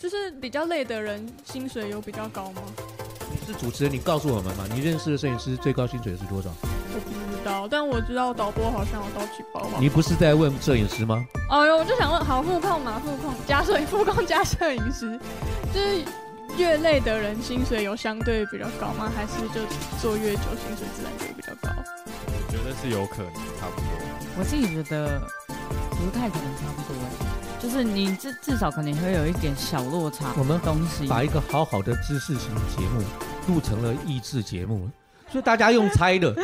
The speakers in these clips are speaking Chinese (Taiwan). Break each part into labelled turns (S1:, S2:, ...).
S1: 就是比較累的人，薪水有比較高嗎？你是
S2: 主持人，你告訴我們嘛。你認識的攝影師最高薪水是多少？
S1: 我不知道，但我知道導播好像有到幾包吧。你不
S2: 是在問攝影師嗎？
S1: 哎、哦、呦，我就想問，好副控嘛，副控加攝影副控加攝影師，就是越累的人薪水有相對比較高嗎？還是就做越久薪水自然就比較高？我
S3: 覺得是有可能，差不多。
S1: 我自己
S4: 覺得不太可能，差不多耶就是你至至少可能會有一點小落差。我們東西把一個
S2: 好好的知識型節目錄成了益智節目，所以大家用猜的，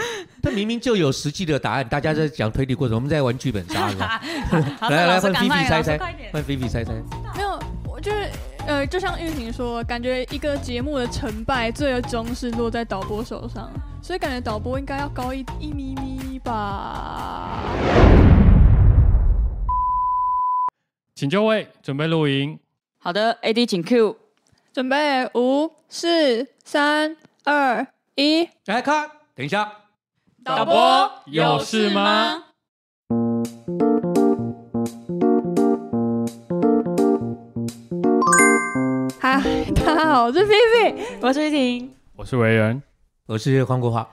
S2: 他明明就有實際的答案。大家在講推理過程，我們在玩劇本殺 的。來來，換菲菲猜猜，換菲菲猜猜。
S1: 我沒有，就是呃，就像玉婷說，感覺一個節目的成敗最終是落在導播手上，所以感覺導播應該要高一一咪咪吧。
S3: 請就位，準備錄音。
S1: 好的，AD 請 Q，準備五、四、三、二、一，
S2: 來看，等一下，導播有事嗎？
S1: 嗨，Hi, 大家好，我是菲菲，我是玉婷，
S2: 我是唯仁，我是黃國華。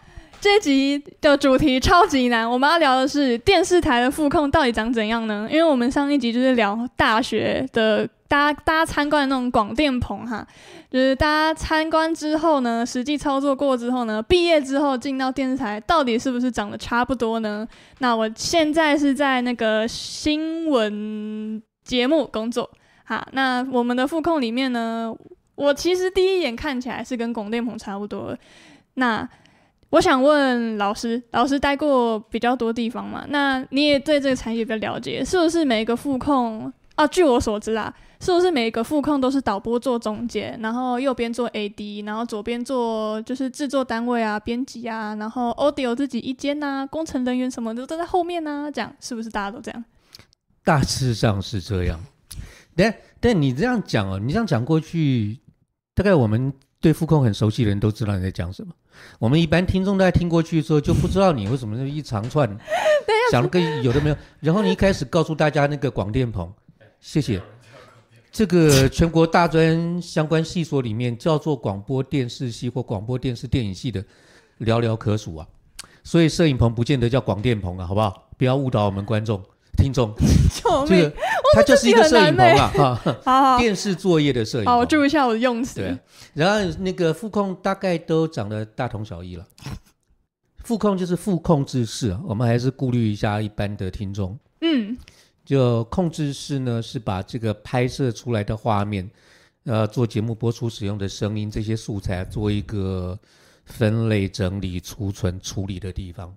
S1: 這集的主題超級難，我們要聊的是電視台的副控到底長怎樣呢？因為我們上一集就是聊大學的，大家大家參觀的那種廣電棚哈，就是大家參觀之後呢，實際操作過之後呢，畢業之後進到電視台，到底是不是長得差不多呢？那我現在是在那個新聞節目工作，好，那我們的副控裡面呢，我其實第一眼看起來是跟廣電棚差不多的，那。我想問老師，老師待過比較多地方嘛？那你也對這個產業比較了解，是不是每一個副控啊？據我所知啊，是不是每一個副控都是導播做總結，然後右邊做 AD，然後左邊做就是制作單位啊、編輯啊，然後 Audio 自己一間吶、啊，工程人員什麼都都在後面吶、啊，這樣是不是大家都這樣？
S2: 大致上是這樣，但但你這樣講哦，你這樣講過去，大概我們。對，副控很熟悉的人都知道你在講什麼。我們一般聽眾在聽過去的時候就不知道你為什麼一長串，想了個有的沒有。然後你一開始告訴大家那個廣電棚，謝謝。這個全國大專相關系所裡面叫做廣播電視系或廣播電視電影系的，寥寥可數啊。所以攝影棚不見得叫廣電棚啊，好不好？不要誤導我們觀眾。聽眾，就是救命，他就是一個攝影棚啊，哈， 電視作業的攝影棚。好，好，注意一下我的用詞。對，然後那個副控大概都長得大同小異了。副控就是副控制室，我們還是顧慮一下一般的聽眾。嗯，就控制室呢，是把這個拍攝出來的畫面、呃，做節目播出使用的聲音這些素材、啊、做一個分類、整理、儲存、處理的地方。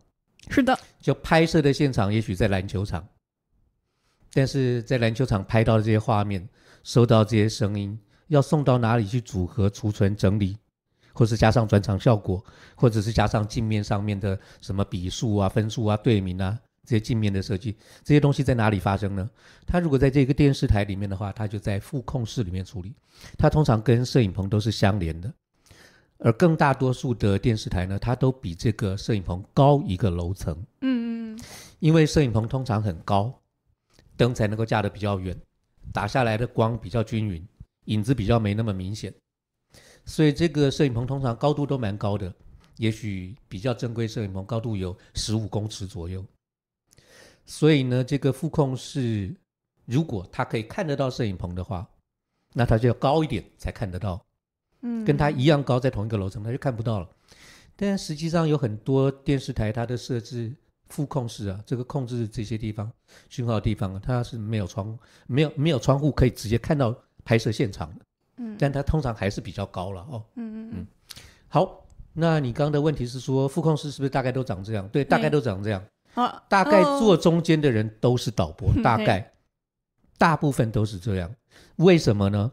S2: 是的，就拍攝的現場，也許在籃球場。但是在籃球場拍到的這些畫面，收到這些聲音，要送到哪裡去組合、儲存、整理，或是加上轉場效果，或者是加上鏡面上面的什麼比數啊、分數啊、隊名啊，這些鏡面的設計，這些東西在哪裡發生呢？它如果在這個電視台裡面的話，它就在副控室裡面處理。它通常跟攝影棚都是相連的，而更大多數的電視台呢，它都比這個攝影棚高一個樓層。嗯嗯，因為攝影棚通常很高。燈才能夠架得比較遠，打下來的光比較均勻，影子比較沒那麼明顯，所以這個攝影棚通常高度都蠻高的，也許比較正規攝影棚高度有十五公尺左右，所以呢，這個副控是如果他可以看得到攝影棚的話，那他就要高一點才看得到，嗯，跟他一樣高在同一個樓層他就看不到了，但實際上有很多電視台它的設置。副控室啊，這個控制這些地方訊號的地方、啊，它是沒有窗，沒有沒有窗戶可以直接看到拍攝現場，嗯，但它通常還是比較高了哦，嗯嗯嗯，好，那你剛剛的問題是說副控室是不是大概都長這樣？對，大概、欸、都長這樣，哦，大概坐中間的人都是導播，哦、大概、嗯、大部分都是這樣，為什麼呢？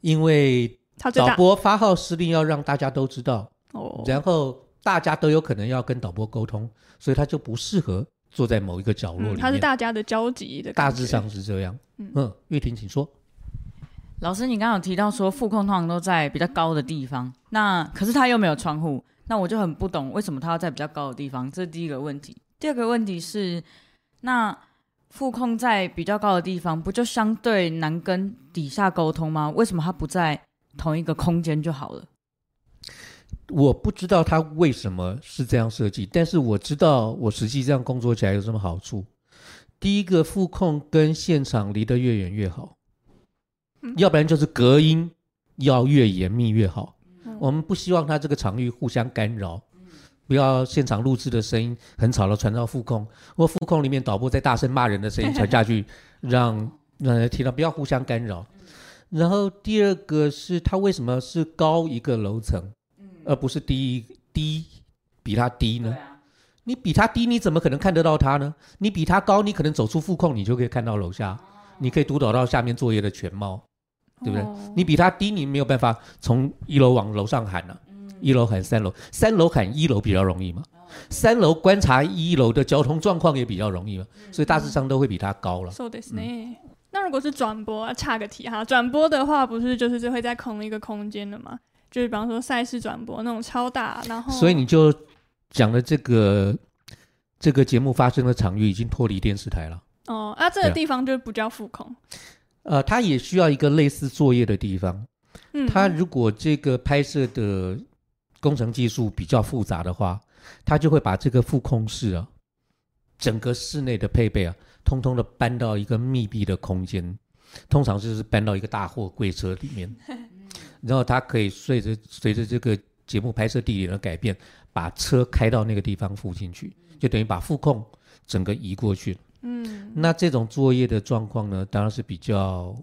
S2: 因為導播發號施令要讓大家都知道哦，然後。大家都有可能要跟導播溝通，所以他就不適合坐在某一個角落裡面，嗯。他是大家的交集的，大致上是這樣。嗯，嗯，玉婷，請說。
S4: 老師，你剛剛有提到說副控通常都在比較高的地方，那可是他又沒有窗戶，那我就很不懂為什麼他要在比較高的地方。這是第一個問題。第二個問題是，那副控在比較高的地方，不就相對難跟底下溝通嗎？為什麼他不在同一個空間就好了？
S2: 我不知道他為什麼是這樣設計，但是我知道我實際這樣工作起來有什麼好處。第一個，副控跟現場離得越遠越好，嗯、要不然就是隔音要越嚴密越好。嗯、我們不希望他這個場域互相干擾，嗯、不要現場錄製的聲音很吵了傳到副控，或副控裡面導播在大聲罵人的聲音傳下去讓，讓讓人聽到，不要互相干擾。嗯、然後第二個是它為什麼是高一個樓層？而不是低低比他低呢？啊、你比他低，你怎麼可能看得到他呢？你比他高，你可能走出副控，你就可以看到樓下，哦、你可以督導到下面作業的全貌，哦、對不對？你比他低，你沒有辦法從一樓往樓上喊了、啊，嗯、一樓喊三樓，三樓喊一樓比較容易嘛？哦、三樓觀察一樓的交通狀況也比較容易嘛？嗯、所以大致上都會比他高了。So
S1: this 呢？嗯嗯、那如果是轉播岔、啊、個題哈、啊，轉播的話不是就是會再空一個空間的嗎？就是比方說賽事轉播那種超大，然後所以你
S2: 就講的這個這個節目發生的場域已經脫離電視台了。哦，那、啊、這個地
S1: 方就不叫副控、
S2: 啊。呃，它也需要一個類似作業的地方。嗯，它如果這個拍攝的工程技術比較複雜的話，它就會把這個副控室啊，整個室內的配備啊，通通的搬到一個密閉的空間，通常就是搬到一個大貨櫃車裡面。 然後他可以隨着隨着這個節目拍攝地點的改變，把車開到那個地方附近去，就等於把副控整個移過去。嗯，那這種作業的狀況呢，當然是比較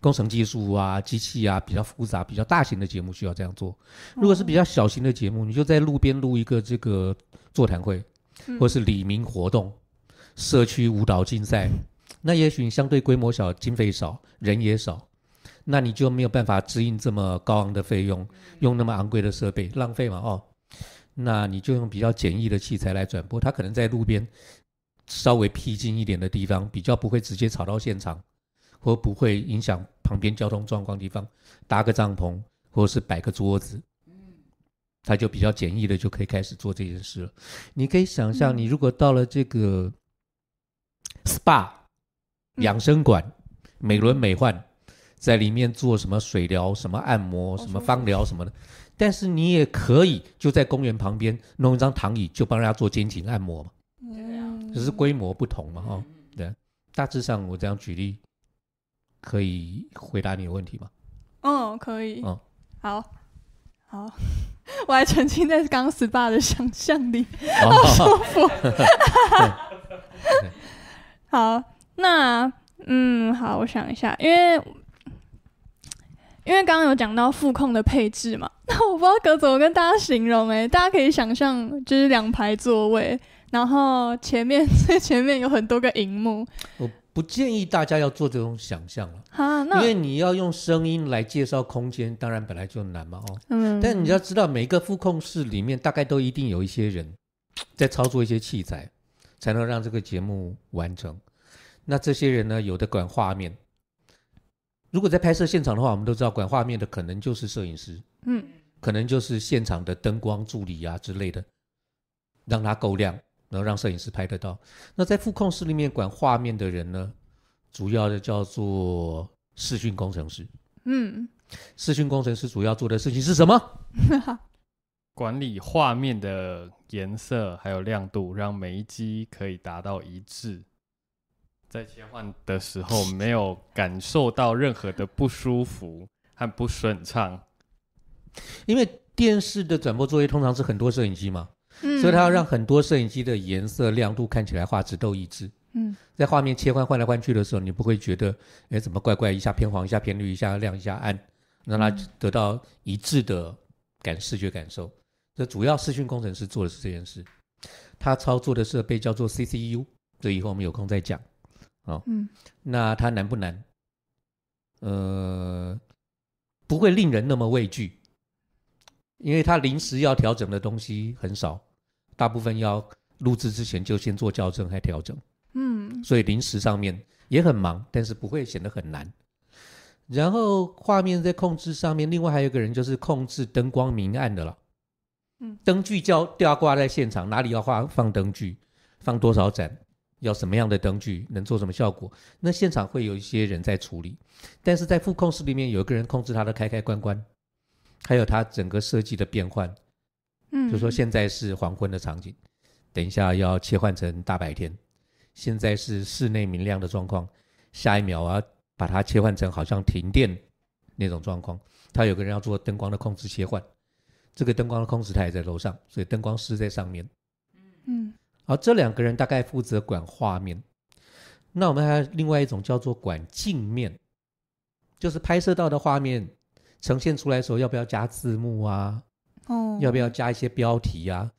S2: 工程技術啊、機器啊比較複雜，比較大型的節目需要這樣做。嗯、如果是比較小型的節目，你就在路邊錄一個這個座談會，或是里民活動、社區舞蹈競賽，嗯、那也許你相對規模小、經費少、人也少。那你就沒有辦法支應這麼高昂的費用，用那麼昂貴的設備，浪費嘛哦。那你就用比較簡易的器材來轉播，它可能在路邊稍微僻靜一點的地方，比較不會直接吵到現場，或不會影響旁邊交通狀況的地方，搭個帳篷或是擺個桌子，嗯，它就比較簡易的就可以開始做這件事了。你可以想象，你如果到了這個 SPA、嗯嗯、養生館，美輪美奐。在裡面做什麼水療、什麼按摩、什麼芳療什麼的，但是你也可以就在公園旁邊弄一張躺椅，就幫人家做肩頸按摩嘛。只是規模不同嘛，哈，對，大致上我這樣舉例可以回答你的問題嗎？嗯，
S1: 哦，可以。哦，好，好， 我還沉浸在剛 SPA 的想象裡，好舒服。 好，那嗯，好，我想一下，因為。因為剛剛有講到副控的配置嘛，那我不知道該怎麼跟大家形容哎、欸，大家可以想象就是兩排座位，然後前面最前面有很多個螢幕。
S2: 我不建議大家要做這種想象了，哈，那因為你要用聲音來介紹空間，當然本來就難嘛哦。嗯，但你要知道，每一個副控室裡面大概都一定有一些人在操作一些器材，才能讓這個節目完成。那這些人呢，有的管畫面。如果在拍攝現場的話，我們都知道管畫面的可能就是攝影師，嗯，可能就是現場的燈光助理啊之類的，讓它夠亮，然後讓攝影師拍得到。那在副控室裡面管畫面的人呢，主要的叫做視訊工程師，嗯，視訊工程師主要做的事情是什麼？
S3: 管理畫面的顏色還有亮度，讓每一機可以達到一致。在切換的時候，沒有感受到任何
S2: 的不舒服和不順暢。因為電視的轉播作業通常是很多攝影機嘛，嗯，所以它要讓很多攝影機的顏色、亮度看起來畫質都一致。嗯，在畫面切換換來換去的時候，你不會覺得，哎、欸，怎麼怪怪，一下偏黃，一下偏綠，一下亮，一下暗，讓它得到一致的感視覺感受。嗯，這主要視訊工程師做的是這件事。他操作的設備叫做 CCU，這以後我們有空再講。哦，嗯，那他難不難？呃，不會令人那麼畏懼，因為他臨時要調整的東西很少，大部分要錄製之前就先做校正和調整，嗯，所以臨時上面也很忙，但是不會顯得很難。然後畫面在控制上面，另外還有一個人就是控制燈光明暗的了，嗯，燈具要吊掛在現場，哪裡要放放燈具，放多少盞？要什麼樣的燈具能做什麼效果？那現場會有一些人在處理，但是在副控室裡面有一個人控制它的開開關關，還有它整個設計的變換。嗯，就說現在是黃昏的場景，等一下要切換成大白天。現在是室內明亮的狀況，下一秒我要把它切換成好像停電那種狀況。他有個人要做燈光的控制切換，這個燈光的控制他也在樓上，所以燈光師在上面。嗯
S1: 嗯。
S2: 好，這兩個人大概負責管畫面。那我們還有另外一種叫做管鏡面，就是拍攝到的畫面呈現出來的時候，要不要加字幕啊？哦，要不要加一些標題啊？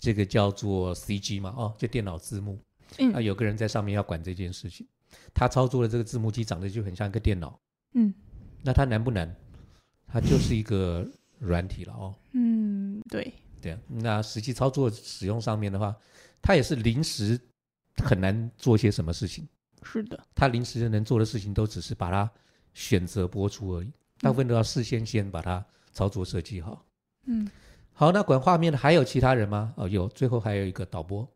S2: 這個叫做 CG 嘛，哦，就電腦字幕。嗯、啊，有個人在上面要管這件事情，他操作的這個字幕機長得就很像一個電腦。嗯，那它難不難？它就是一個軟體了哦。嗯，
S1: 對。
S2: 對，那實際操作使用上面的話。他也是臨時很難做些什麼事情，是的。他臨時能做的事情都只是把它選擇播出而已，大部分都要事先先把它操作設計好。嗯，好，那管畫面的還有其他人嗎？哦，有，最後還有一個導播，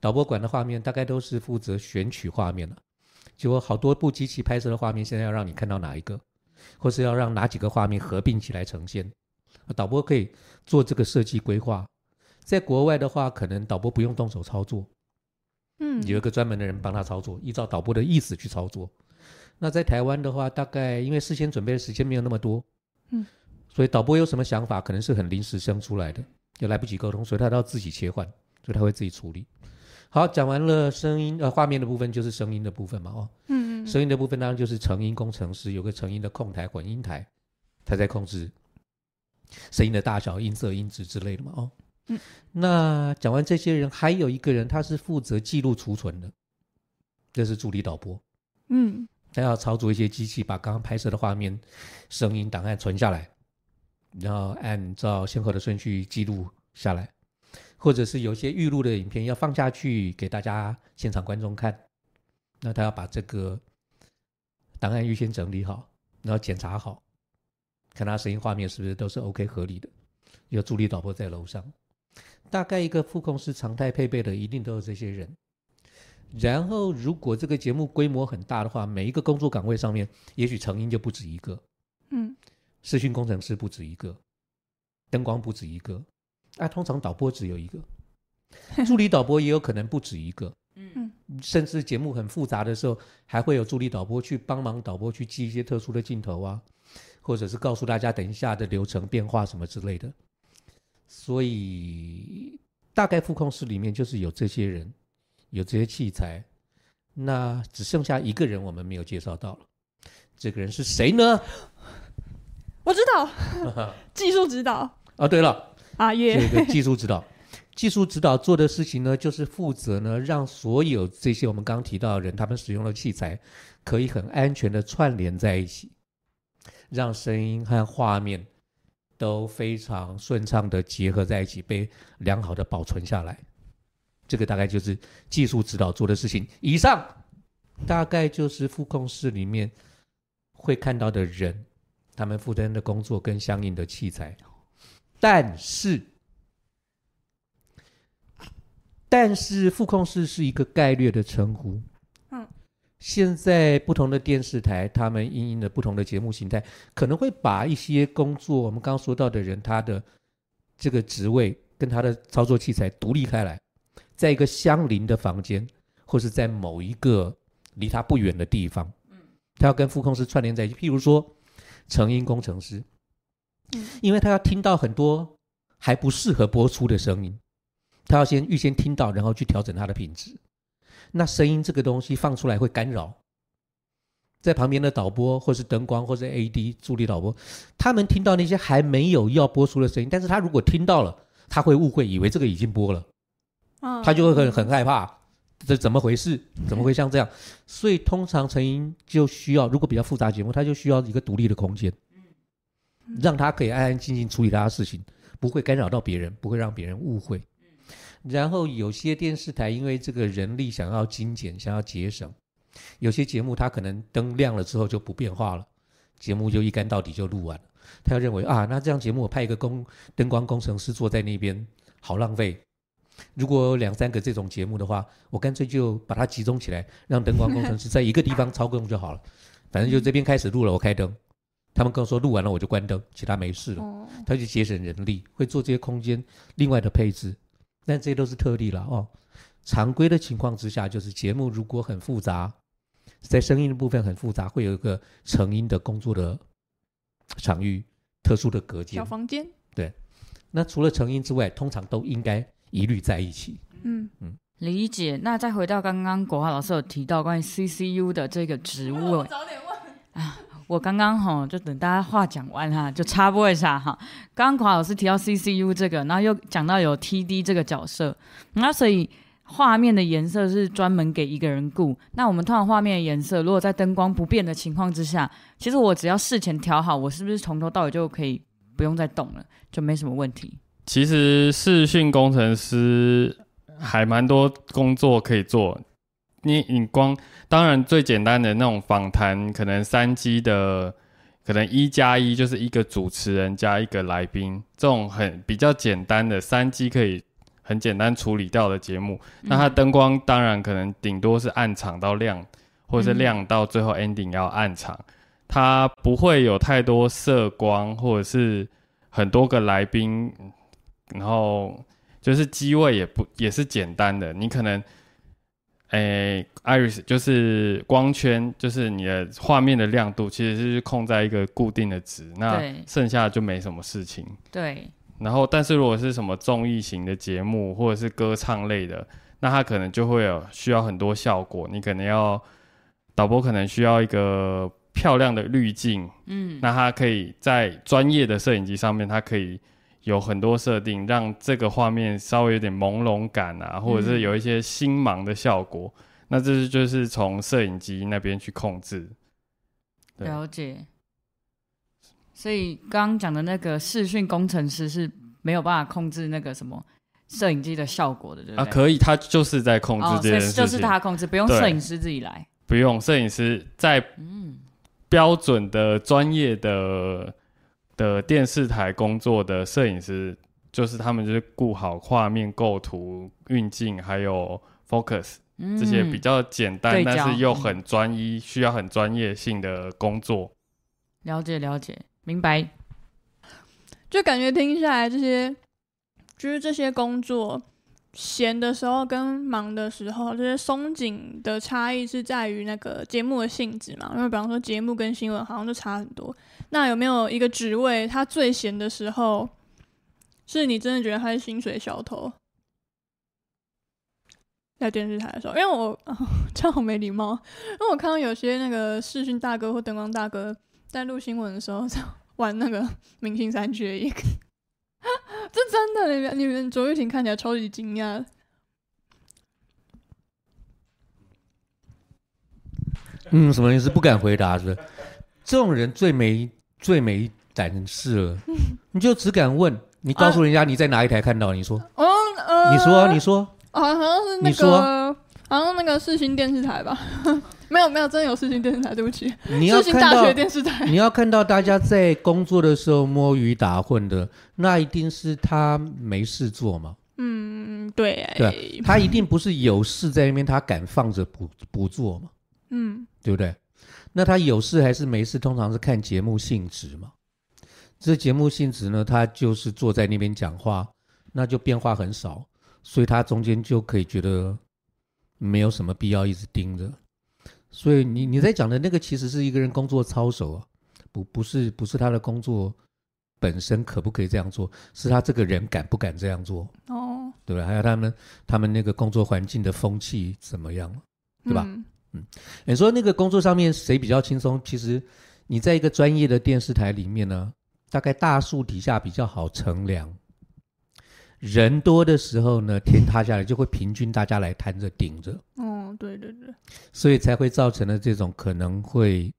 S2: 導播管的畫面大概都是負責選取畫面的。結果好多部機器拍攝的畫面，現在要讓你看到哪一個，或是要讓哪幾個畫面合併起來呈現，導播可以做這個設計規劃。在國外的話，可能導播不用動手操作，嗯，有一個專門的人幫他操作，依照導播的意思去操作。那在台灣的話，大概因為事先準備的時間沒有那麼多，嗯，所以導播有什麼想法，可能是很臨時生出來的，又來不及溝通，所以他都要自己切換，所以他會自己處理。好，講完了聲音呃畫面的部分，就是聲音的部分嘛，哦，嗯，嗯嗯，聲音的部分當然就是成音工程師有個成音的控台混音台，他在控制聲音的大小、音色、音質之類的嘛，哦。那講完這些人，還有一個人，他是負責記錄儲存的，這是助理導播。嗯，他要操作一些機器，把剛剛拍攝的畫面、聲音檔案存下來，然後按照先後的順序記錄下來，或者是有些預錄的影片要放下去給大家現場觀眾看，那他要把這個檔案預先整理好，然後檢查好，看他聲音畫面是不是都是 OK 合理的。有助理導播在樓上。大概一個副控室常態配備的，一定都有這些人。然後，如果這個節目規模很大的話，每一個工作崗位上面，也許成音就不止一個，
S3: 嗯，
S2: 視訊工程師不止一個，燈光不止一個，啊，通常導播只有一個，助理導播也有可能不止一個，嗯，甚至節目很複雜的時候，還會有助理導播去幫忙導播去記一些特殊的鏡頭啊，或者是告訴大家等一下的流程變化什麼之類的。所以，大概副控室裡面就是有這些人，有這些器材，那只剩下一個人我們沒有介紹到了，這個人是誰呢？
S1: 我知道， 技術指導。啊，對了，阿月，這個技
S2: 術指導， 技術指導做的事情呢，就是負責呢，讓所有這些我們剛提到的人，他們使用的器材，可以很安全的串聯在一起，讓聲音和畫面。都非常順暢的結合在一起，被良好的保存下來。這個大概就是技術指導做的事情。以上大概就是副控室裡面會看到的人，他們負責的工作跟相應的器材。但是，但是副控室是一個概略的稱呼。現在不同的電視台，他們因應的不同的節目形態，可能會把一些工作，我們剛剛說到的人，他的這個職位跟他的操作器材獨立開來，在一個相鄰的房間，或是在某一個離他不遠的地方，嗯，他要跟副控室串聯在一起。譬如說，成音工程師，
S3: 嗯，
S2: 因為他要聽到很多還不適合播出的聲音，他要先預先聽到，然後去調整它的品質。那聲音這個東西放出來會干擾，在旁邊的導播或是燈光或是 AD 助理導播，他們聽到那些還沒有要播出的聲音，但是他如果聽到了，他會誤會以為這個已經播了，他就會很很害怕，這怎麼回事？怎麼會像這樣？所以通常成音就需要，如果比較複雜節目，他就需要一個獨立的空間，讓他可以安安靜靜處理他的事情，不會干擾到別人，不會讓別人誤會。然後有些電視台因為這個人力想要精簡，想要節省，有些節目它可能燈亮了之後就不變化了，節目就一乾到底就錄完了。他又認為啊，那這樣節目我派一個工燈光工程師坐在那邊，好浪費。如果兩三個這種節目的話，我乾脆就把它集中起來，讓燈光工程師在一個地方操控就好了。反正就這邊開始錄了，我開燈。他們跟我說錄完了，我就關燈，其他沒事了，他就節省人力，會做這些空間另外的配置。但這些都是特例了哦，常規的情況之下，就是節目如果很複雜，在聲音的部分很複雜，會有一個成音的工作的場域，特殊的隔間小房間。對，那除了成音之外，通常都應該一律在一起。嗯嗯，
S4: 嗯理解。那再回到剛剛國華老師有提到關於 CCU 的這個職位，早點問啊。我剛剛哈就等大家話講完哈，就插播一下哈。剛剛華老師提到 CCU 這個，然後又講到有 TD 這個角色，那所以畫面的顏色是專門給一個人顧。那我們通常畫面的顏色，如果在燈光不變的情況之下，其實我只要事前調好，我是不是從頭到尾就可以不用再動了，就沒什麼問題。
S3: 其實視訊工程師還蠻多工作可以做。你你光當然最簡單的那種訪談，可能三機的，可能一加一就是一個主持人加一個來賓，這種很比較簡單的三機可以很簡單處理掉的節目。嗯、那它燈光當然可能頂多是暗場到亮，或者是亮到最後 ending 要暗場，嗯、它不會有太多色光，或者是很多個來賓，然後就是機位也不也是簡單的，你可能。哎，欸，Iris 就是光圈，就是你的畫面的亮度其實是控在一個固定的值，那剩下就沒什麼事情。對。然後，但是如果是什麼綜藝型的節目或者是歌唱類的，那它可能就會有需要很多效果，你可能要導播可能需要一個漂亮的濾鏡，嗯，那它可以在專業的攝影機上面，它可以。有很多設定，讓這個畫面稍微有點朦朧感啊，或者是有一些星芒的效果。嗯、那這是就是從攝影機那邊去控制。
S4: 了解。所以剛剛講的那個視訊工程師是沒有辦法控制那個什麼攝影機的效果的？對對啊，可以，他
S3: 就是在控制這件事，哦、就是他控制，對不用攝影師自己來。不用攝影師在標準的專、嗯、業的。的電視台工作的攝影師，就是他們就是顧好畫面構圖、運鏡，還有 focus、嗯、這些比較簡單，對焦，但是又很專業，嗯、需要很專業性的工作。
S4: 了解了解，明白。
S1: 就感覺聽下來這些，就是這些工作閒的時候跟忙的時候，這些鬆緊的差異是在於那個節目的性質嘛。因為比方說節目跟新聞好像就差很多。那有沒有一個職位，他最閒的時候，是你真的覺得他是薪水小偷？在電視台的時候，因為我、哦、這樣好沒禮貌。因為我看到有些那個視訊大哥或燈光大哥在錄新聞的時候，這玩那個明星三缺一，啊，這真的，你們你們，卓玉婷看起來超級驚訝。嗯，
S2: 什麼意思？不敢回答是不是？這種人最沒。最沒膽識了， 你就只敢問，你告訴人家你在哪一台看到？你說，
S1: 嗯嗯、哦呃啊，你說，你說，啊，好像是那個，你說啊、好像是那個世新電視台吧？ 沒有沒有，真的有世新電視台，對不起，你要看到世新大學電視台。你
S2: 要看到大家在工作的時候摸魚打混的，那一定是他沒事做嘛。嗯，
S1: 對、欸，對，他一定
S2: 不是有事在那邊，他敢放着不不做嘛？嗯，對不對？那他有事還是沒事，通常是看節目性質嘛。這節目性質呢，他就是坐在那邊講話，那就變化很少，所以他中間就可以覺得沒有什麼必要一直盯着。所以你你在講的那個，其實是一個人工作操守啊，不不是不是他的工作本身可不可以這樣做，是他這個人敢不敢這樣做，哦，對吧？還有他們他們那個工作環境的風氣怎麼樣，對吧？嗯嗯，你說那個工作上面誰比較輕鬆？其實，你在一個專業的電視台裡面呢，大概大樹底下比較好乘涼。人多的時候呢，天塌下來就會平均大家來攤着頂着。嗯、哦，
S1: 對對對，
S2: 所以才會造成了這種可能會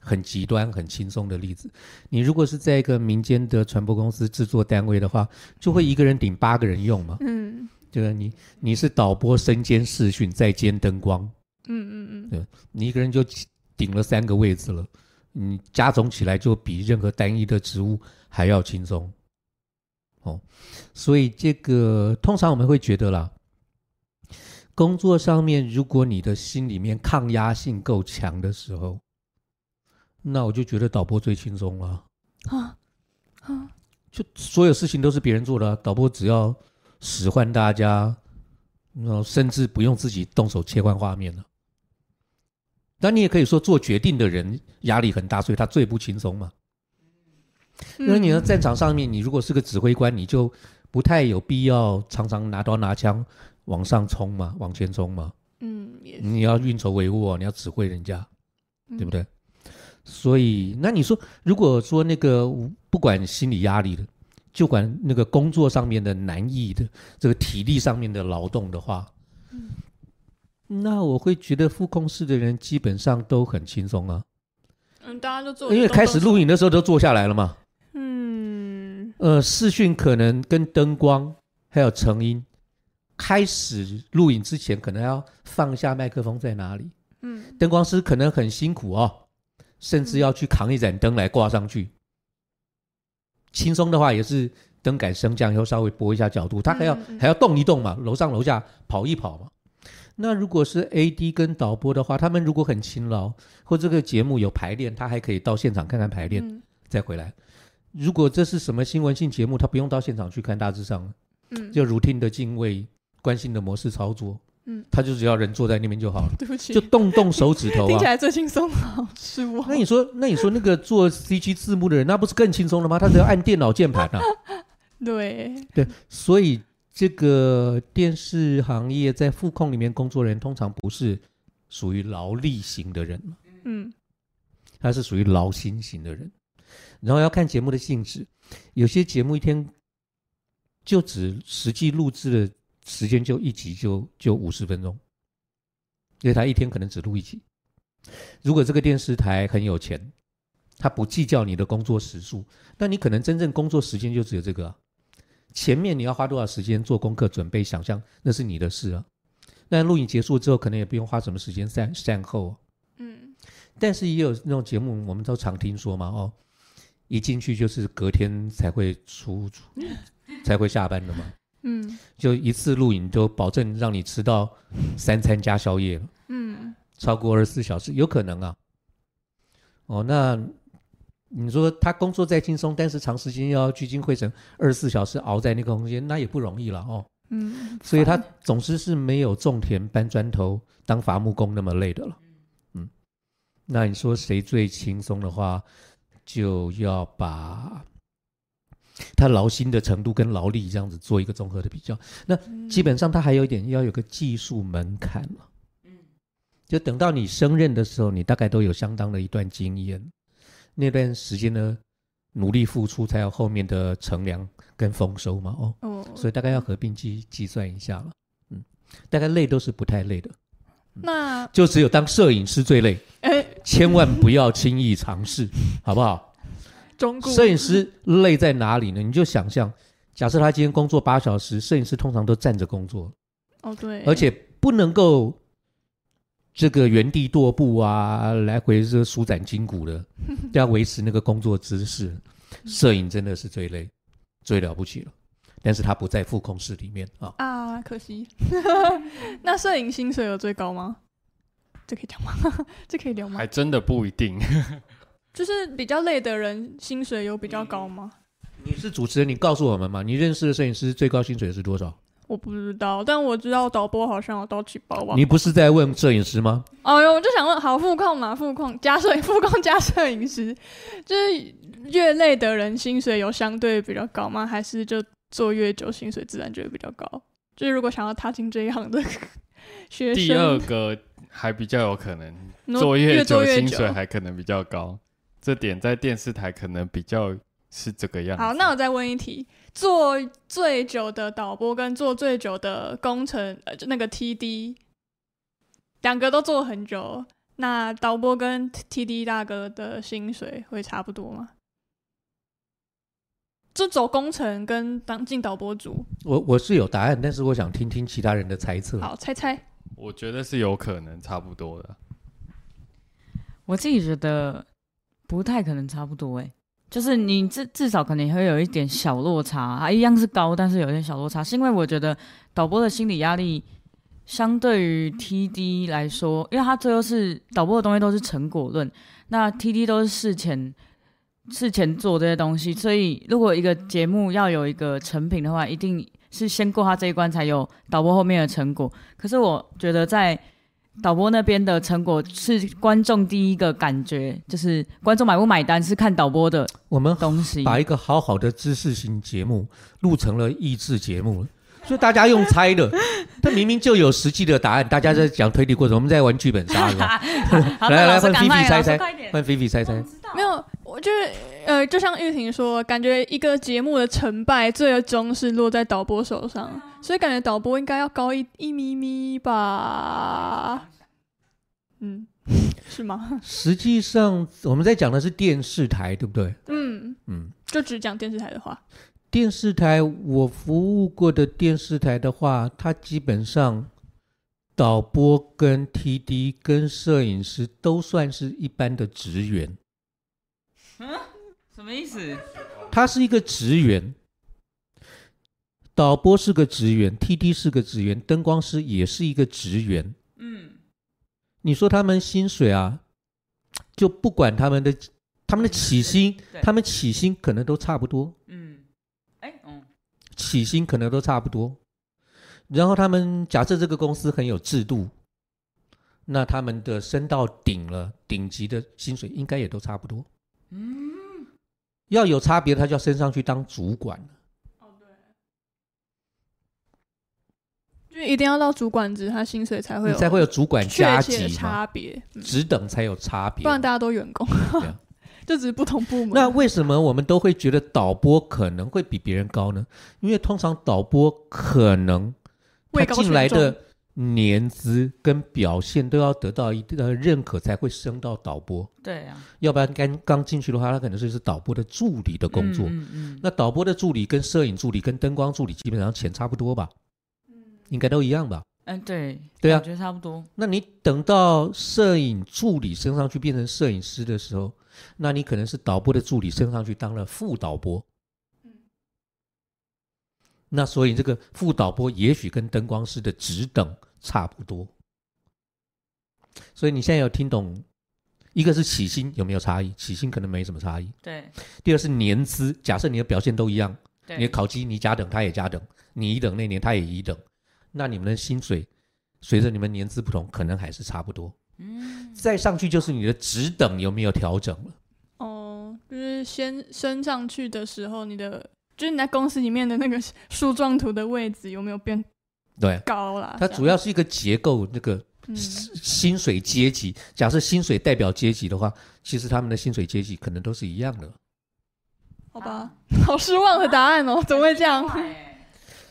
S2: 很極端，很輕鬆的例子。你如果是在一個民間的傳播公司製作單位的話，就會一個人頂八個人用嘛。嗯，就是你你是導播，身兼視訊、再兼燈光。嗯嗯嗯，對，你一個人就頂了三個位置了，你加總起來就比任何單一的職務還要輕鬆，哦，所以這個通常我們會覺得啦，工作上面如果你的心裡面抗壓性夠強的時候，那我就覺得導播最輕鬆了。
S1: 啊啊，啊
S2: 就所有事情都是別人做的啊，導播只要使喚大家，那甚至不用自己動手切換畫面了。那你也可以說，做決定的人壓力很大，所以他最不輕鬆嘛。
S3: 那、嗯、你說戰
S2: 場上面，你如果是個指揮官，你就不太有必要常常拿刀拿槍往上衝嘛，往前衝嘛。嗯，你要運籌帷幄，你要指揮人家，嗯、對不對？所以，那你說，如果說那個不管心理壓力的，就管那個工作上面的難易的，這個體力上面的勞動的話，嗯。那我會覺得副控室的人基本上都很輕鬆啊。
S1: 嗯，大家都坐。因為開始錄影
S2: 的時候都坐下來了嘛。嗯。呃，視訊可能跟燈光還有成音，開始錄影之前可能要放下麥克風在哪裡。嗯。燈光師可能很辛苦哦，甚至要去扛一盞燈來掛上去。輕鬆的話也是燈桿升降，以後稍微撥一下角度，他還要還要動一動嘛，樓上樓下跑一跑嘛。那如果是 A D 跟導播的話，他們如果很勤勞，或這個節目有排練，他還可以到現場看看排練，嗯、再回來。如果這是什麼新聞性節目，他不用到現場去看，大致上，嗯、就 routine 的敬畏、關心的模式操作，嗯、他就只要人坐在那邊就好了、嗯，對不起，就動動手指頭、啊。聽起來最輕鬆啊、哦，好舒服。那你說，那你說那個做 C G 字幕的人，那不是更輕鬆了嗎？他只要按電腦鍵盤啊。
S1: 對
S2: 對，所以。這個電視行業在副控裡面工作人通常不是屬於勞力型的人，嗯，他是屬於勞心型的人。然後要看節目的性質，有些節目一天就只實際錄製的時間就一集就就五十分鐘，因為他一天可能只錄一集。如果這個電視台很有錢，他不計較你的工作時數，那你可能真正工作時間就只有這個啊。前面你要花多少時間做功課、準備、想象，那是你的事啊。那錄影結束之後，可能也不用花什麼時間善善後啊。嗯。但是也有那種節目，我們都常聽說嘛，哦，一進去就是隔天才會出，才會下班的嘛。嗯。就一次錄影就保證讓你吃到三餐加宵夜了。嗯。超過二十四小時，有可能啊。哦，那。你說他工作再輕鬆，但是長時間要聚精會神，二十四小時熬在那個空間，那也不容易了哦。嗯，所以他總之是沒有種田、搬磚頭、當伐木工那麼累的了。嗯，嗯，那你說誰最輕鬆的話，嗯、就要把他勞心的程度跟勞力這樣子做一個綜合的比較。那基本上他還有一點要有個技術門檻嘛。嗯，就等到你升任的時候，你大概都有相當的一段經驗。那段時間呢，努力付出才有後面的乘涼跟豐收嘛。哦、oh, oh. 所以大概要合併計計算一下了。嗯，大概累都是不太累的。嗯、那就只有當攝影師最累。哎、欸，千萬不要輕易嘗試， 好不好？
S1: 中古攝影師
S2: 累在哪裡呢？你就想象，假設他今天工作八小時，攝影師通常都站着工作。哦，oh, 對，而且不能夠。這個原地踱步啊，來回是舒展筋骨的，要維持那個工作姿勢。 攝影真的是最累、 最了不起了，但是他不在副控室裡面啊。哦、
S1: 啊，可惜。 那攝影薪水有最高嗎？這可以講嗎？ 這可以聊嗎？還
S2: 真的不一定。
S1: 就是比較累的人，薪水有比較高嗎？
S2: 你是主持人，你告訴我們嘛？你認識的攝影師最高薪水是多少？
S1: 我不知道，但我知道導播好像要到氣包吧。你不是在
S2: 問攝影師嗎？
S1: 哎、哦、呦，我就想問，好副控嘛，副控加攝，副控加攝影師，就是越累的人薪水有相對比較高嗎？還是就做越久薪水自然就會比較高？就如果想要踏進這一行的，學生第二
S3: 個還比較有可能，做越久薪水還可能比較高，這點在電視台可能比較。是這個樣。好，
S1: 那我再問一題：做最久的導播跟做最久的工程，呃，就那個 TD，兩個都做很久，那導播跟 TD 大哥的薪水會差不多嗎？就走工程跟當進導播組，
S2: 我我是有答案，但是我想聽聽其他人的猜測。好，
S1: 猜猜？
S3: 我覺得是有可能差不多的。
S4: 我自己覺得不太可能差不多，欸，誒。就是你至至少可能也會有一點小落差，還一樣是高，但是有點小落差，是因為我覺得導播的心理壓力，相對於 TD 來說，因為他最後是導播的東西都是成果論，那 TD 都是事前事前做這些東西，所以如果一個節目要有一個成品的話，一定是先過他這一關才有導播後面的成果。可是我覺得在導播那邊的成果是觀眾第一個感覺，就是觀眾買不買單是看導播的。
S2: 我們東西把一個好好的知識型節目錄成了益智節目，所以大家用猜的，他 明明就有實際的答案。大家在講推理過程， 我們在玩劇本殺。來來換 Fifi 猜猜猜，換 Fifi 猜猜
S1: 猜。哦、沒有，我就是呃，就像玉婷說，感覺一個節目的成敗最終是落在導播手上。嗯所以感覺導播應該要高一一咪咪吧？嗯，是嗎？
S2: 實際上，我們在講的是電視台，對不對？嗯嗯，
S1: 嗯，就只講電視台的話，
S2: 電視台我服務過的電視台的話，它基本上導播、跟 TD、跟攝影師都算是一般的職員。
S4: 嗯，什麼意思？
S2: 他是一個職員。導播是個職員，TD 是個職員，燈光師也是一個職員。嗯，你說他們薪水啊，就不管他們的他們的起薪，對他們起薪可能都差不多。嗯，
S4: 哎、欸，嗯，
S2: 起薪可能都差不多。然後他們假設這個公司很有制度，那他們的升到頂了，頂級的薪水應該也都差不多。嗯，要有差別，他就要升上去當主管
S1: 就一定要到主管職，他薪水才會有，才會有主管加級差別，
S2: 職、嗯、等才有差別、嗯，不然大
S1: 家都員工， 對、啊，這 只是不同部
S2: 門。那為什麼我們都會覺得導播可能會比別人高呢？ 因為通常導播可能他進來的年資跟表現都要得到一定的認可才會升到導播，對呀、啊，要不然剛剛進去的話，他可能就是導播的助理的工作。嗯嗯嗯，那導播的助理跟攝影助理跟燈光助理基本上錢差不多吧。.應該都一樣吧？嗯，對，對啊，感覺差不多。那你等到攝影助理升上去變成攝影師的時候，那你可能是導播的助理升上去當了副導播。嗯。那所以這個副導播也許跟燈光師的職等差不多。所以你現在有聽懂？一個是起薪有沒有差異？起薪可能沒什麼差異。對。第二是年資，假設你的表現都一樣，你的考績你甲等，他也甲等；你乙等那年，他也乙等。那你們的薪水隨着你們年資不同，可能還是差不多。嗯，再上去就是你的職等有沒有調整
S1: 了？哦、嗯，就是先升上去的時候，你的就是你在公司裡面的那個樹狀圖的位置有沒有變高了？對高啦它主要
S2: 是一個結構，那個、嗯、薪水階級，假設薪水代表階級的話，其實他們的薪水階級可能都是一樣的。
S1: 好吧，啊、好失望的答案哦、喔，啊、怎麼會這樣？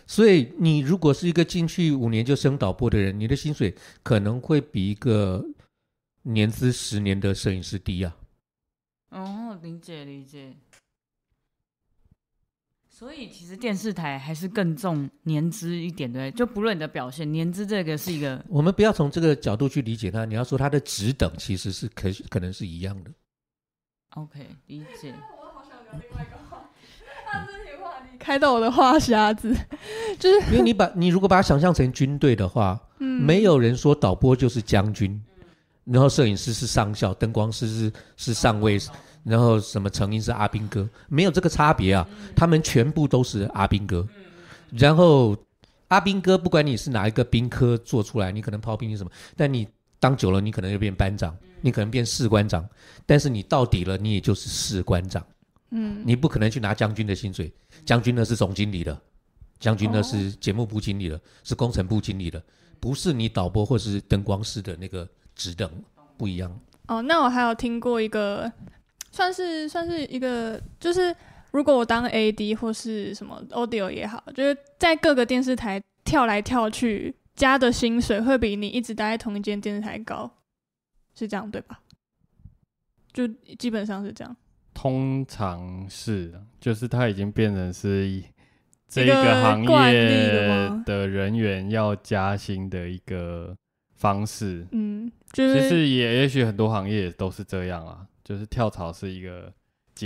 S2: 所以，你如果是一個進去五年就升導播的人，你的薪水可能會比一個年資十年的攝影師低啊。
S4: 哦，理解理解。所以，其實電視台還是更重年資一點的，就不論你的表現，年資這個是一個。
S2: 我們不要從這個角度去理解它。你要說它的職等，其實是可可能是一樣的。
S1: OK，理解。這些話你開到我的話匣
S2: 子，就是因為你把你如果把它想象成軍隊的話，嗯、沒有人說導播就是將軍，嗯、然後攝影師是上校，燈光師是是上尉，啊嗯、然後什麼成音是阿兵哥，沒有這個差別啊，嗯、他們全部都是阿兵哥。嗯、然後阿兵哥不管你是哪一個兵科做出來，你可能砲兵是什麼，但你當久了你可能就變班長，嗯、你可能變士官長，但是你到底了，你也就是士官長。嗯，你不可能去拿將軍的薪水。將軍呢是總經理的，將軍呢是節目部經理的，哦、是工程部經理的，不是你導播或是燈光師的那個職能不一樣。
S1: 哦，那我還有聽過一個，算是算是一個，就是如果我當 AD 或是什麼 Audio 也好，就是在各個電視台跳來跳去，加的薪水會比你一直待在同一間電視台高，是這樣對吧？就基本上是這樣。
S3: 通常是，就是它已經變成是這一個行業的人員要加薪的一個方式。嗯，就是其實也也許很多行業都是這樣啊，就是跳槽是一個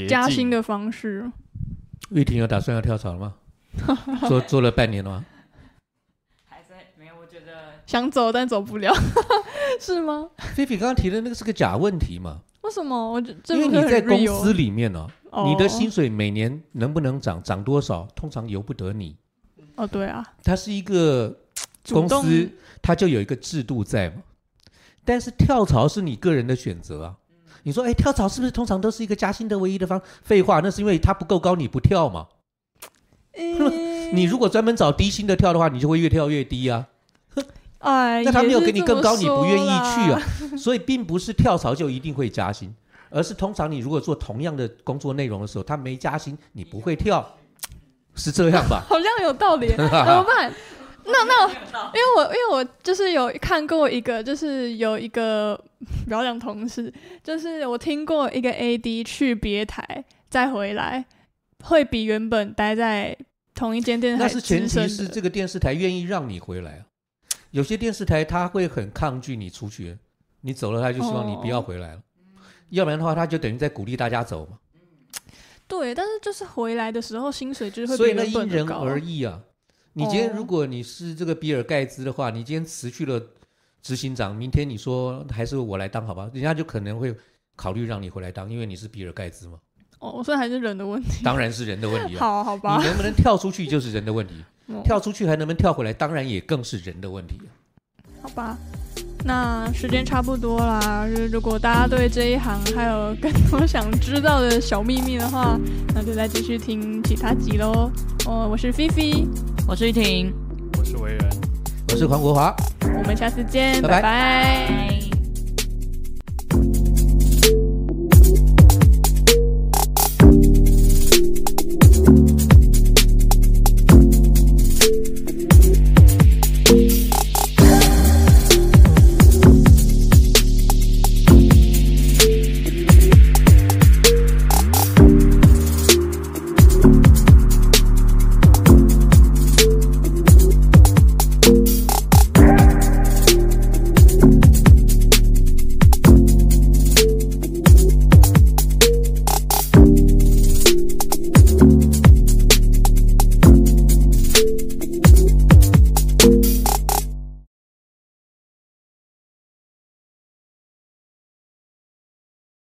S2: 加薪
S1: 的方式。嗯、
S2: 玉婷有打算要跳槽嗎？ 做做了半年了嗎？
S1: 還在沒有，我覺得想走但走不了，
S2: 是嗎？菲菲剛剛提的那個是個假問題嘛。
S1: 為什麼？我就很因為你在公司裡面呢，啊，oh。你的薪
S2: 水每年能不能漲，漲多少，通常由不得你。哦，oh，對啊，它是一個公司，動它就有一個制度在嘛。但是跳槽是你個人的選擇啊。嗯，你說，哎，跳槽是不是通常都是一個加薪的唯一的方？廢話，那是因為它不夠高，你不跳嘛，嗯嗯嗯。你如果專門找低薪的跳的話，你就會越跳越低啊。
S1: 哎，唉那他沒有給你更高，你不願意去啊，
S2: 所以並不是跳槽就一定會加薪， 而是通常你如果做同樣的工作內容的時候，他沒加薪，你不會跳，是這樣吧？
S1: 好像有道理， 怎麼辦？ 那那，因為我因為我就是有看過一個，就是有一個表演同事，就是我聽過一個 AD 去別台再回來，會比原本待在同一間電視台，但是前提是
S2: 這個電視台願意讓你回來啊。有些電視台他會很抗拒你出去，你走了他就希望你不要回來了，哦、要不然的話他就等於在鼓勵大家走嘛。
S1: 對，但是就是回來的時候薪水就是會變得更高。所
S2: 以呢，因人而異啊。你今天如果你是這個比爾蓋茨的話，哦、你今天辭去了執行長，明天你說還是我來當好吧，人家就可能會考慮讓你回來當，因為你是比爾蓋茨嘛。
S1: 哦，我說還是人的問題。當然是人的問題。 好、啊、好吧，你能不能
S2: 跳出去就是人的問題。跳出去還能不能跳回來，當然也更是人的問題。哦，
S1: 好吧，那時間差不多啦。如果大家對這一行還有更多想知道的小祕密的話，那就再繼續聽其他集嘍。哦，我是菲菲，
S2: 我是玉婷，
S3: 我是唯仁，
S2: 我是黃國華。
S1: 我們下次見，拜拜。拜拜。